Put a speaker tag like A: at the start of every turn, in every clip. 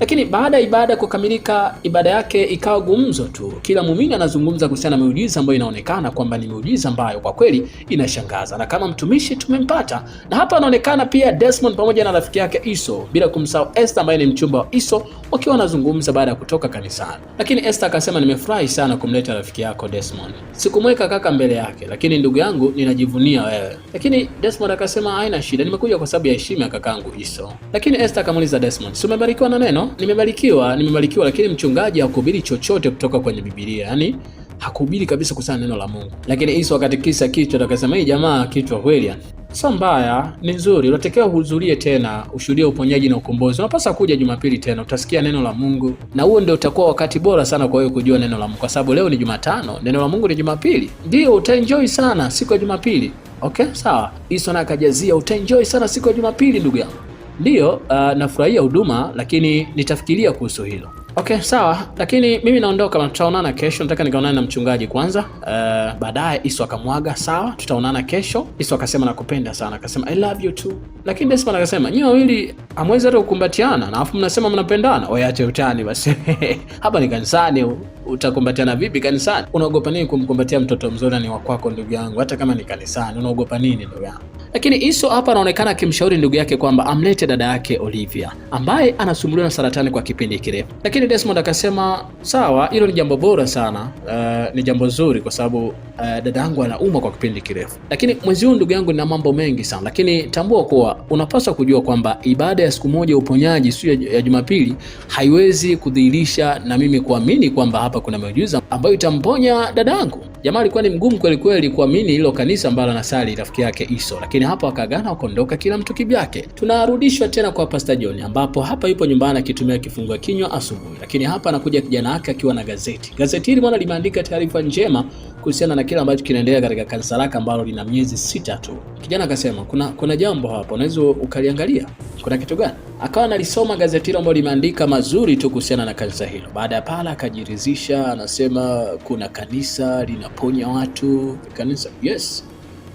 A: Lakini baada ya ibada kukamilika, ibada yake ikawa gumzo tu. Kila muumini anazungumza kuhusiana na miujiza ambayo inaonekana kwamba ni miujiza ambayo kwa kweli inashangaza, na kama mtumishi tumempata. Na hapa anaonekana pia Desmond pamoja na rafiki yake Iso, bila kumsahau Esther ambaye ni mchumba wa Iso, wakiwa wanazungumza baada ya kutoka kanisani. Lakini Esther akasema, nimefurahi sana kumleta rafiki yako Desmond, sikumweka kaka mbele yake, lakini ndugu yangu, ninajivunia wewe. Lakini Desmond akasema, haina shida, nimekuja kwa sababu ya heshima ya kakangu Iso. Lakini Esther akamuuliza Desmond, si umebarikiwa na neno nimebarikiwa, nimebarikiwa, lakini mchungaji hakuhubiri chochote kutoka kwenye Biblia, yani hakuhubiri kabisa kusana neno la Mungu. Lakini wakati kisa kichwa akasema, hii jamaa kichwa kweli sio mbaya, ni nzuri, unatakiwa uhudhurie tena ushuhudie uponyaji na ukombozi. Unapaswa kuja Jumapili tena, utasikia neno la Mungu, na huo ndio utakuwa wakati bora sana kwa wewe kujua neno la Mungu, kwa sababu leo ni Jumatano, neno la Mungu ni Jumapili. Ndio utaenjoy sana siku ya Jumapili. Okay, sawa. Yesu naye akajazia, utaenjoy sana siku ya Jumapili, ndugu yangu. Ndiyo, uh, nafurahia huduma lakini nitafikiria kuhusu hilo. Okay, sawa, lakini mimi naondoka na tutaonana kesho. Nataka nikaonane na mchungaji kwanza. Uh, baadaye Isu akamwaga, sawa, tutaonana kesho. Isu akasema nakupenda sana, akasema I love you too. Lakini Desmond akasema nyewe wawili hamwezi hata kukumbatiana na afu mnasema mnapendana. Waache utani basi. Hapa ni kanisani utakumbatiana vipi kanisani? Unaogopa nini kumkumbatia mtoto mzuri ni wa kwako ndugu yangu, hata kama ni kanisani? Unaogopa nini ndugu yangu? Lakini Iso hapa anaonekana akimshauri ndugu yake kwamba amlete dada yake Olivia ambaye anasumbuliwa na saratani kwa kipindi kirefu, lakini Desmond akasema sawa, hilo ni jambo bora sana. Uh, ni jambo zuri kwa sababu uh, dada yangu anaumwa kwa kipindi kirefu, lakini mwezi huu ndugu yangu, nina mambo mengi sana, lakini tambua kuwa unapaswa kujua kwamba ibada ya siku moja uponyaji siku ya Jumapili haiwezi kudhihirisha na mimi kuamini kwamba hapa kuna miujiza ambayo itamponya dadangu. Jamaa alikuwa ni mgumu kweli kweli kuamini hilo kanisa ambalo anasali rafiki yake Iso, lakini hapa akagana wakaondoka kila mtu kivyake. Tunarudishwa tena kwa Pastor John, ambapo hapa yupo nyumbani akitumia kifungua kinywa asubuhi, lakini hapa anakuja kijana wake akiwa na gazeti. Gazeti hili mwana limeandika taarifa njema kuhusiana na kile ambacho kinaendelea katika kanisa lake ambalo lina miezi sita tu. Kijana akasema kuna kuna jambo hapa, unaweza ukaliangalia, kuna kitu gani? Akawa analisoma gazeti hilo ambalo limeandika mazuri tu kuhusiana na kanisa hilo. Baada ya pala akajiridhisha anafundisha, anasema kuna kanisa linaponya watu. Kanisa yes,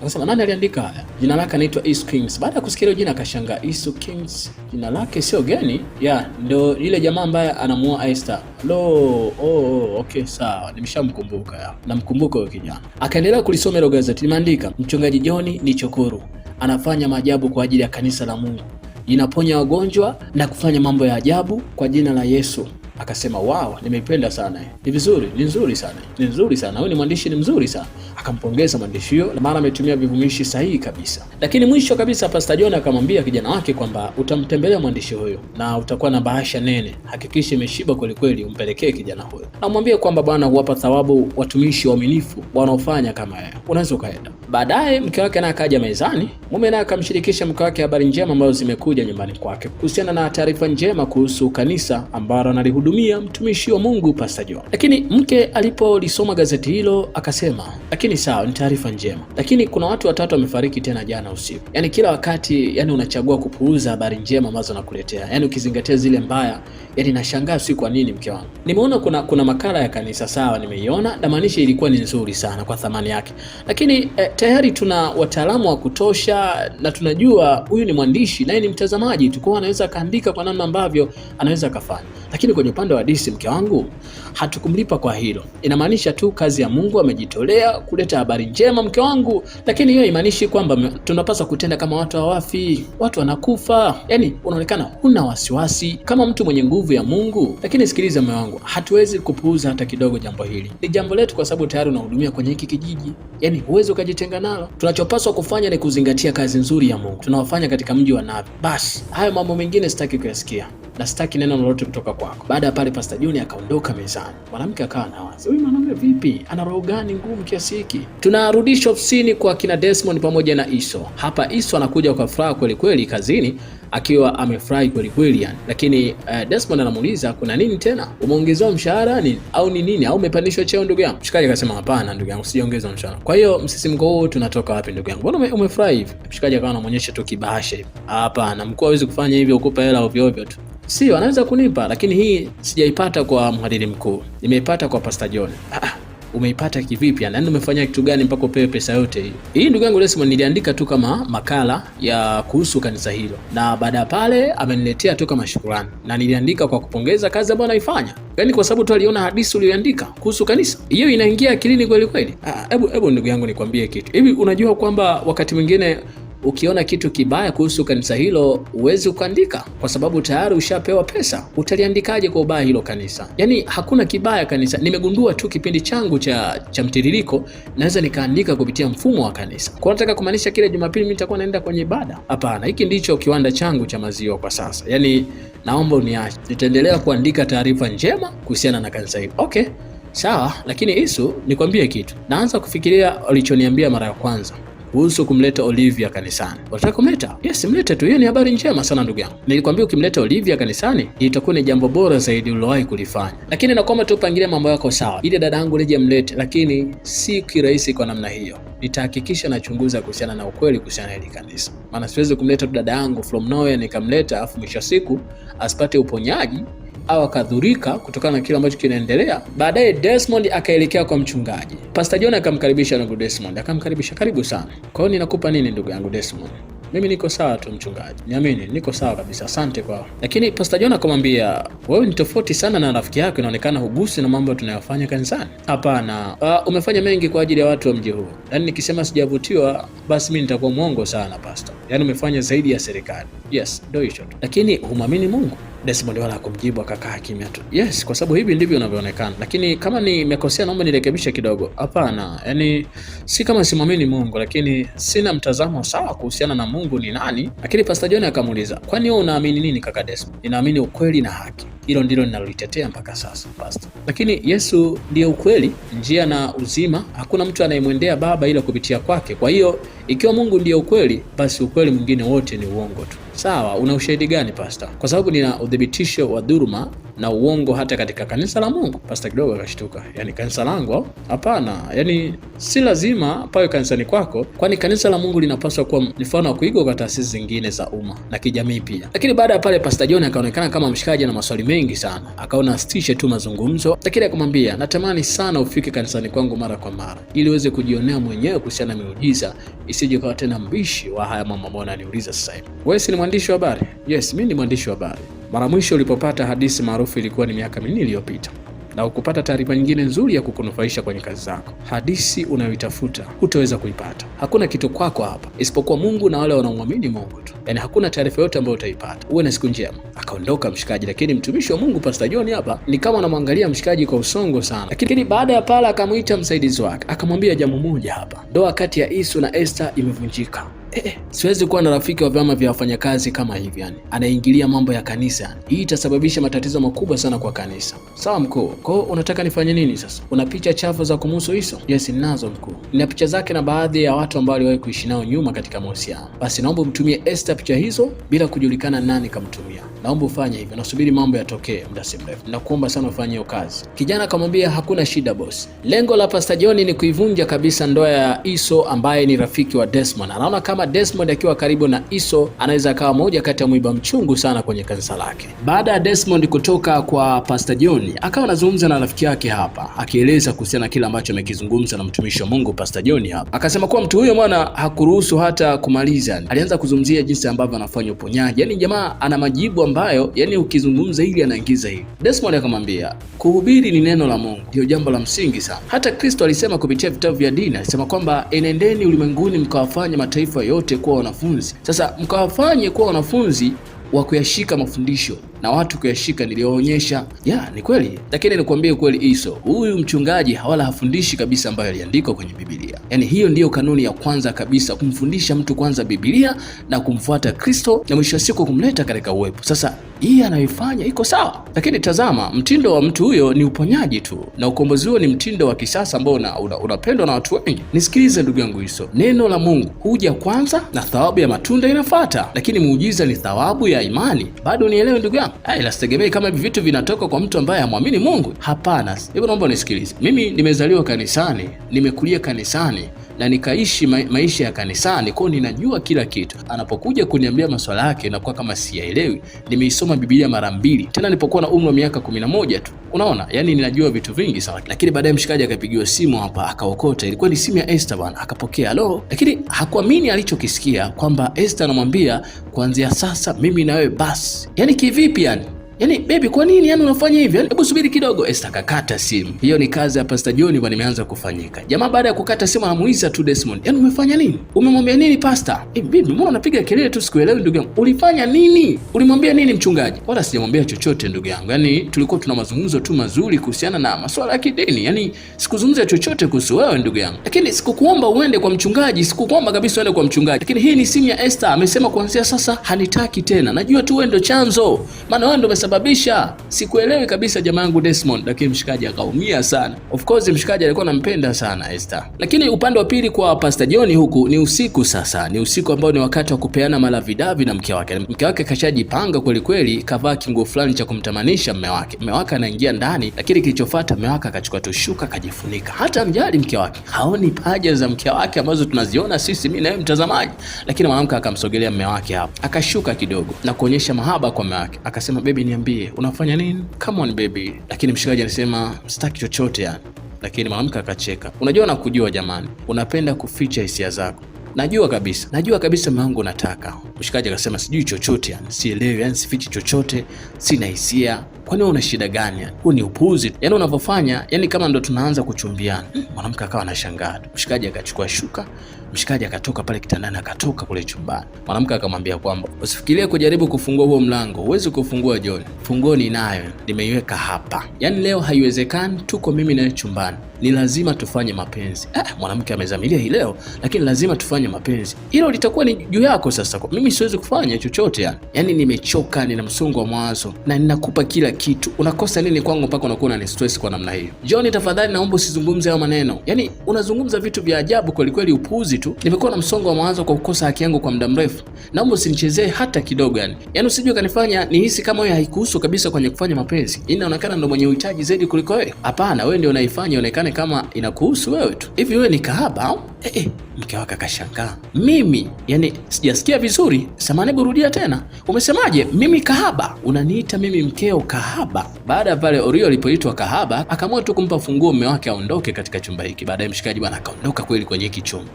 A: anasema nani aliandika haya? Jina lake anaitwa Isu Kings. Baada ya kusikia hilo jina akashangaa, Isu Kings jina lake sio geni ya, yeah, ndo ile jamaa ambaye anamua Esther. Lo, oh, oh, okay, sawa, nimeshamkumbuka, namkumbuka huyo kijana. Akaendelea kulisoma hilo gazeti, limeandika mchungaji John ni chokoro, anafanya maajabu kwa ajili ya kanisa la Mungu, inaponya wagonjwa na kufanya mambo ya ajabu kwa jina la Yesu akasema wow, nimeipenda sana, ni vizuri, ni nzuri sana, ni nzuri sana. Huyu ni mwandishi, ni mzuri sana akampongeza mwandishi huyo, maana ametumia vivumishi sahihi kabisa. Lakini mwisho kabisa, Pasta John akamwambia kijana wake kwamba utamtembelea mwandishi huyo na utakuwa na bahasha nene, hakikisha imeshiba kwelikweli, umpelekee kijana huyo namwambia kwamba Bwana huwapa thawabu watumishi waaminifu wanaofanya kama yeye, unaweza ukaenda. Baadaye mke wake naye akaja mezani, mume naye akamshirikisha mke wake habari njema ambazo zimekuja nyumbani kwake kuhusiana na taarifa njema kuhusu kanisa ambalo analihudumia mtumishi wa Mungu Pasta John. Lakini mke alipolisoma gazeti hilo akasema lakini lakini sawa, ni taarifa njema, lakini kuna watu watatu wamefariki tena jana usiku. Yani kila wakati, yani unachagua kupuuza habari njema ambazo nakuletea, yani ukizingatia zile mbaya Yaani nashangaa si kwa nini mke wangu. Nimeona kuna kuna makala ya kanisa sawa, nimeiona na maanisha ilikuwa ni nzuri sana kwa thamani yake. Lakini eh, tayari tuna wataalamu wa kutosha na tunajua huyu ni mwandishi naye ni mtazamaji tu, anaweza kaandika kwa namna ambavyo anaweza kafanya. Lakini kwenye upande wa hadithi mke wangu hatukumlipa kwa hilo. Inamaanisha tu kazi ya Mungu, amejitolea kuleta habari njema mke wangu, lakini hiyo imaanishi kwamba tunapaswa kutenda kama watu hawafi, watu wanakufa. Yaani unaonekana huna wasiwasi kama mtu mwenye nguvu nguvu ya Mungu. Lakini sikiliza moyo wangu, hatuwezi kupuuza hata kidogo jambo hili. Ni jambo letu kwa sababu tayari unahudumia kwenye hiki kijiji, yaani huwezi ukajitenga nalo. Tunachopaswa kufanya ni kuzingatia kazi nzuri ya Mungu tunaofanya katika mji wa Nabi. Basi hayo mambo mengine sitaki kuyasikia na sitaki neno lolote kutoka kwako. Baada ya pale, Pastor Juni akaondoka mezani. Mwanamke akawa anawaza, huyu mwanaume vipi, ana roho gani ngumu kiasi hiki? Tunarudisha ofisini kwa kina Desmond pamoja na Iso. Hapa Iso anakuja kwa furaha kweli kweli kazini akiwa amefurahi kweli kweli yani. Lakini uh, Desmond anamuuliza kuna nini tena, umeongezewa mshahara ni au ni nini au umepandishwa cheo ndugu yangu? Mshikaji akasema hapana ndugu yangu, sijaongezwa mshahara. Kwa hiyo msisimko huu tunatoka wapi ndugu yangu? Mbona umefurahi hivi? Mshikaji akawa anamuonyesha tu kibahasha hivi. Hapana, mkuu hawezi kufanya hivyo, ukupa hela ovyo ovyo tu. Sio, anaweza kunipa, lakini hii sijaipata kwa mhadiri mkuu, nimeipata kwa Pastor John. Ah, ah umeipata kivipi? Yaani, yaani umefanya kitu gani mpaka upewe pesa yote hiyo? Hii ndugu yangu Desmond niliandika tu kama makala ya kuhusu kanisa hilo, na baada ya pale ameniletea tu kama shukrani, na niliandika kwa kupongeza kazi ambayo anaifanya, yaani kwa sababu tu aliona hadithi uliyoandika kuhusu kanisa, hiyo inaingia akilini kweli kweli. Ah, hebu hebu ndugu yangu nikwambie kitu hivi, unajua kwamba wakati mwingine ukiona kitu kibaya kuhusu kanisa hilo huwezi ukaandika, kwa sababu tayari ushapewa pesa. Utaliandikaje kwa ubaya hilo kanisa? Yani hakuna kibaya kanisa. Nimegundua tu kipindi changu cha, cha mtiririko naweza nikaandika kupitia mfumo wa kanisa. Kwa nataka kumaanisha kile Jumapili mimi nitakuwa naenda kwenye ibada? Hapana, hiki ndicho kiwanda changu cha maziwa kwa sasa. Yani naomba uniache, nitaendelea kuandika taarifa njema kuhusiana na kanisa hilo. Okay, sawa. Lakini Isu, nikwambie kitu, naanza kufikiria ulichoniambia mara ya kwanza kuhusu kumleta Olivia kanisani. Unataka kumleta? Yes, mlete tu. Hiyo ni habari njema sana ndugu yangu. Nilikwambia ukimleta Olivia kanisani itakuwa ni jambo bora zaidi ulilowahi kulifanya. Lakini nakuomba tu pangilia mambo yako sawa, ili dada yangu lije mlete, lakini si kirahisi kwa namna hiyo. Nitahakikisha nachunguza kuhusiana na ukweli kuhusiana na hili kanisa, maana siwezi kumleta tu dada yangu from nowhere nikamleta, afu mwisho siku asipate uponyaji au akadhurika kutokana na kile ambacho kinaendelea. Baadaye Desmond akaelekea kwa mchungaji. Pastor John akamkaribisha ndugu Desmond, akamkaribisha karibu sana. Kwa hiyo ninakupa nini ndugu yangu Desmond? Mimi niko sawa tu mchungaji, niamini niko sawa kabisa, asante kwa. Lakini Pastor John akamwambia, wewe ni tofauti sana na rafiki yako, inaonekana hugusi na mambo tunayofanya kanisani. Hapana, uh, umefanya mengi kwa ajili ya watu wa mji huu. Yaani nikisema sijavutiwa, basi mimi nitakuwa mwongo sana Pastor. Yaani umefanya zaidi ya serikali. Yes, ndio hicho tu, lakini humwamini Mungu. Desmond wala kumjibu akakaa kimya tu. Yes, kwa sababu hivi ndivyo inavyoonekana, lakini kama nimekosea naomba nirekebishe kidogo. Hapana, yani si kama simwamini Mungu, lakini sina mtazamo sawa kuhusiana na Mungu ni nani. Lakini Pastor John akamuuliza, kwani wewe unaamini nini kaka Desmond? Ninaamini ukweli na haki, hilo ndilo ninalolitetea mpaka sasa Pastor. Lakini Yesu ndiye ukweli, njia na uzima, hakuna mtu anayemwendea Baba ila kupitia kwake. Kwa hiyo ikiwa Mungu ndiye ukweli, basi ukweli mwingine wote ni uongo tu. Sawa, una ushahidi gani Pastor? Kwa sababu nina uthibitisho wa dhuluma na uongo hata katika kanisa la Mungu. Pasta kidogo akashtuka, yani kanisa langu? au? Hapana, yani si lazima pawe kanisani kwako, kwani kanisa la Mungu linapaswa kuwa mfano wa kuigwa kwa taasisi zingine za umma na kijamii pia. Lakini baada ya pale, Pasta John akaonekana kama mshikaji na maswali mengi sana, akaona asitishe tu mazungumzo, lakini akamwambia, natamani sana ufike kanisani kwangu mara kwa mara, ili uweze kujionea mwenyewe kuhusiana na miujiza, isije kawa tena mbishi wa haya mambo ambayo ananiuliza sasa hivi. Wewe si ni mwandishi wa habari? Yes, mimi ni mwandishi wa habari. Mara mwisho ulipopata hadithi maarufu ilikuwa ni miaka minne iliyopita, na ukupata taarifa nyingine nzuri ya kukunufaisha kwenye kazi zako. Hadithi unayoitafuta hutaweza kuipata. Hakuna kitu kwako hapa isipokuwa Mungu na wale wanaomwamini Mungu tu, yaani hakuna taarifa yote ambayo utaipata. Uwe na siku njema. Akaondoka mshikaji, lakini mtumishi wa Mungu Pastor John hapa ni kama anamwangalia mshikaji kwa usongo sana, lakini baada ya pala akamwita msaidizi wake akamwambia jambo moja hapa, ndoa kati ya Isu na Esther imevunjika eh, siwezi kuwa na rafiki wa vyama vya wafanyakazi kama hivi yani, anaingilia mambo ya kanisa. Hii itasababisha matatizo makubwa sana kwa kanisa. Sawa mkuu, kwao unataka nifanye nini sasa? Una picha chafu za kumuhusu hizo? Yes, ninazo mkuu, nina picha zake na baadhi ya watu ambao aliwahi kuishi nao nyuma katika mahusiano. Basi naomba umtumie Esther picha hizo bila kujulikana nani kamtumia naomba ufanye hivyo, nasubiri mambo yatokee muda si mrefu, nakuomba sana ufanye hiyo kazi. Kijana akamwambia hakuna shida boss. Lengo la Pastor John ni kuivunja kabisa ndoa ya Iso ambaye ni rafiki wa Desmond. Anaona kama Desmond akiwa karibu na Iso anaweza akawa moja kati ya mwiba mchungu sana kwenye kanisa lake. Baada ya Desmond kutoka kwa Pastor John, akawa anazungumza na rafiki yake hapa, akieleza kuhusiana kile ambacho amekizungumza na mtumishi wa Mungu Pastor John hapa, akasema kuwa mtu huyo mwana hakuruhusu hata kumaliza, alianza kuzungumzia jinsi ambavyo anafanya uponyaji. Yaani jamaa ana majibu ambayo yani ukizungumza ili anaingiza hili. Desmond akamwambia kuhubiri ni neno la Mungu ndio jambo la msingi sana. Hata Kristo alisema kupitia vitabu vya dini, alisema kwamba enendeni ulimwenguni mkawafanye mataifa yote kuwa wanafunzi. Sasa mkawafanye kuwa wanafunzi wa kuyashika mafundisho na watu kuyashika niliyoonyesha. Ya, ni kweli, lakini nikwambie kweli Iso, huyu mchungaji hawala hafundishi kabisa ambayo aliandikwa kwenye Biblia. Yaani hiyo ndiyo kanuni ya kwanza kabisa, kumfundisha mtu kwanza Biblia na kumfuata Kristo na mwisho wa siku kumleta katika uwepo. Sasa hii anayoifanya iko sawa, lakini tazama, mtindo wa mtu huyo ni uponyaji tu, na ukombozi huo ni mtindo wa kisasa ambao unapendwa una na watu wengi. Nisikilize ndugu yangu hiso neno la Mungu huja kwanza na thawabu ya matunda inafuata, lakini muujiza ni thawabu ya imani. Bado nielewe ndugu yangu, lasitegemei kama hivi vitu vinatoka kwa mtu ambaye amwamini Mungu. Hapana, hivyo naomba unisikilize. Mimi nimezaliwa kanisani, nimekulia kanisani na nikaishi ma maisha ya kanisani, kwao ninajua kila kitu. Anapokuja kuniambia maswala yake nakuwa kama siyaelewi. Nimeisoma Biblia mara mbili, tena nilipokuwa na umri wa miaka kumi na moja tu. Unaona, yani ninajua vitu vingi sana. Lakini baadaye mshikaji akapigiwa simu hapa, akaokota, ilikuwa ni simu ya Esther bwana, akapokea halo, lakini hakuamini alichokisikia kwamba Esther anamwambia kuanzia sasa mimi na wewe basi. Yani kivipi yani? Yaani baby, kwa nini yani unafanya hivyo? Yaani, hebu subiri kidogo. Esther kakata simu. Hiyo ni kazi ya Pastor John bwana imeanza kufanyika. Jamaa baada ya kukata simu anamuuliza tu Desmond, "Yaani umefanya nini? Umemwambia nini pastor?" Eh, baby, mbona unapiga kelele tu sikuelewi ndugu yangu. Ulifanya nini? Ulimwambia nini mchungaji? Wala sijamwambia chochote ndugu yangu. Yaani tulikuwa tuna mazungumzo tu mazuri kuhusiana na masuala ya kidini. Yaani sikuzungumza chochote kuhusu wewe ndugu yangu. Lakini sikukuomba uende kwa mchungaji, sikukuomba kabisa uende kwa mchungaji. Lakini hii ni simu ya Esther, amesema kuanzia sasa hanitaki tena. Najua tu wewe ndio chanzo. Maana wewe ndio yamesababisha sikuelewi kabisa jamaa yangu Desmond, lakini mshikaji akaumia sana. Of course mshikaji alikuwa anampenda sana Esther. Lakini upande wa pili kwa Pastor John huku ni usiku sasa, ni usiku ambao ni wakati wa kupeana malavidavi na mke wake. Mke wake kashajipanga kweli kweli, kavaa kinguo fulani cha kumtamanisha mme wake. Mme wake anaingia ndani, lakini kilichofuata mme wake akachukua tushuka akajifunika. hata mjali mke wake haoni paja za mke wake ambazo tunaziona sisi, mimi na wewe mtazamaji. Lakini mwanamke akamsogelea mme wake hapo, akashuka kidogo na kuonyesha mahaba kwa mme wake, akasema baby ni niambie unafanya nini? Come on baby. Lakini mshikaji alisema sitaki chochote yani, lakini mwanamke akacheka. Unajua nakujua jamani, unapenda kuficha hisia zako najua kabisa, najua kabisa mwanangu nataka. Mshikaji akasema sijui chochote yani, sielewi yani, sifichi chochote, sina hisia kwani una shida gani? Huu ni upuzi, yani unavyofanya, yani kama ndo tunaanza kuchumbiana. Mwanamke akawa anashangaa, mshikaji akachukua shuka, mshikaji akatoka pale kitandani, akatoka kule chumbani. Mwanamke akamwambia kwamba usifikirie kujaribu kufungua huo mlango, huwezi kufungua John, funguo ninayo, nimeiweka hapa. Yani leo haiwezekani, tuko mimi nawe chumbani, ni lazima tufanye mapenzi. Eh, mwanamke amezamilia hii leo, lakini lazima tufanye mapenzi. Hilo litakuwa ni juu yako sasa, mimi siwezi kufanya chochote. Yani, yani nimechoka, nina msongo wa mawazo na ninakupa kila kitu. Unakosa nini kwangu mpaka unakuwa unani stress kwa namna hiyo? John, tafadhali naomba usizungumze hayo maneno. Yaani unazungumza vitu vya ajabu kwelikweli kweli, upuuzi tu. Nimekuwa na msongo wa mawazo kwa kukosa haki yangu kwa muda mrefu. Naomba usinichezee hata kidogo yani. yani usijue kanifanya nihisi kama wewe haikuhusu kabisa kwenye kufanya mapenzi. Yaani, inaonekana ndo mwenye uhitaji zaidi kuliko wewe. Hapana, wewe ndio unaifanya ionekane kama inakuhusu wewe tu. Hivi wewe ni kahaba au? Eh, eh. Mke wake akashangaa, mimi yani sijasikia vizuri. Samahani, burudia tena, umesemaje? Mimi kahaba? Unaniita mimi mkeo kahaba? Baada ya pale Orio alipoitwa kahaba, akaamua tu kumpa funguo mume wake aondoke katika chumba hiki. Baadaye mshikaji bwana akaondoka kweli kwenye hiki chumba,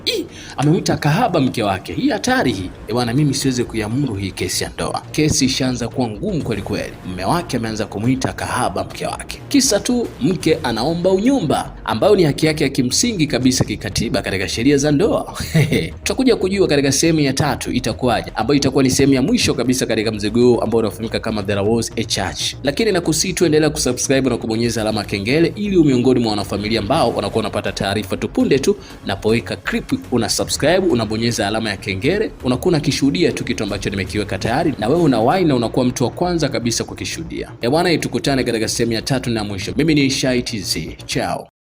A: amemwita kahaba mke wake. Hii hatari hii e bwana, mimi siwezi kuiamuru hii kesi ya ndoa. Kesi ishaanza kuwa ngumu kweli kweli. Mume wake ameanza kumwita kahaba mke wake, kisa tu mke anaomba unyumba, ambayo ni haki yake ya kimsingi kabisa kikatiba katika sheria za ndoa ndoa. Tutakuja kujua katika sehemu ya tatu itakuwaje, ambayo itakuwa ni sehemu ya mwisho kabisa katika mzigo ambao unafahamika kama There Was a Church, lakini nakusii tu endelea kusubscribe na kubonyeza alama kengele, ili miongoni mwa wanafamilia ambao wanakuwa unapata taarifa tupunde tu napoweka clip, una subscribe, unabonyeza alama ya kengele, unakuwa unakishuhudia tu kitu ambacho nimekiweka tayari, na wewe unawahi na unakuwa mtu wa kwanza kabisa kukishuhudia. Ebwana, tukutane katika sehemu ya tatu na mwisho. Mimi ni Shai TZ. Chao.